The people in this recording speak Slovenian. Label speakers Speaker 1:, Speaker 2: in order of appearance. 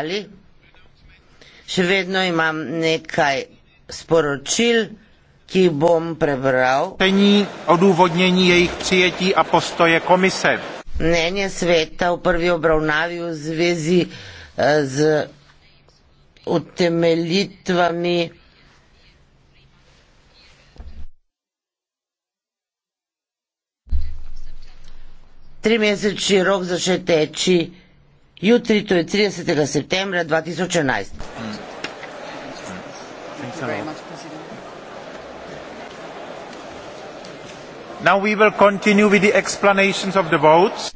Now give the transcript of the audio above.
Speaker 1: ali
Speaker 2: še vedno imam nekaj sporočil, ki jih bom prebral. Tení odůvodnění jejich přijetí a postoje
Speaker 3: komise. Mnenje sveta v prvi obravnavi v zvezi eh, z utemelitvami
Speaker 4: Tri mesečni rok začne teči Jutri to je 30. septembra 2011.
Speaker 5: Now we will continue with the explanations
Speaker 6: of the votes.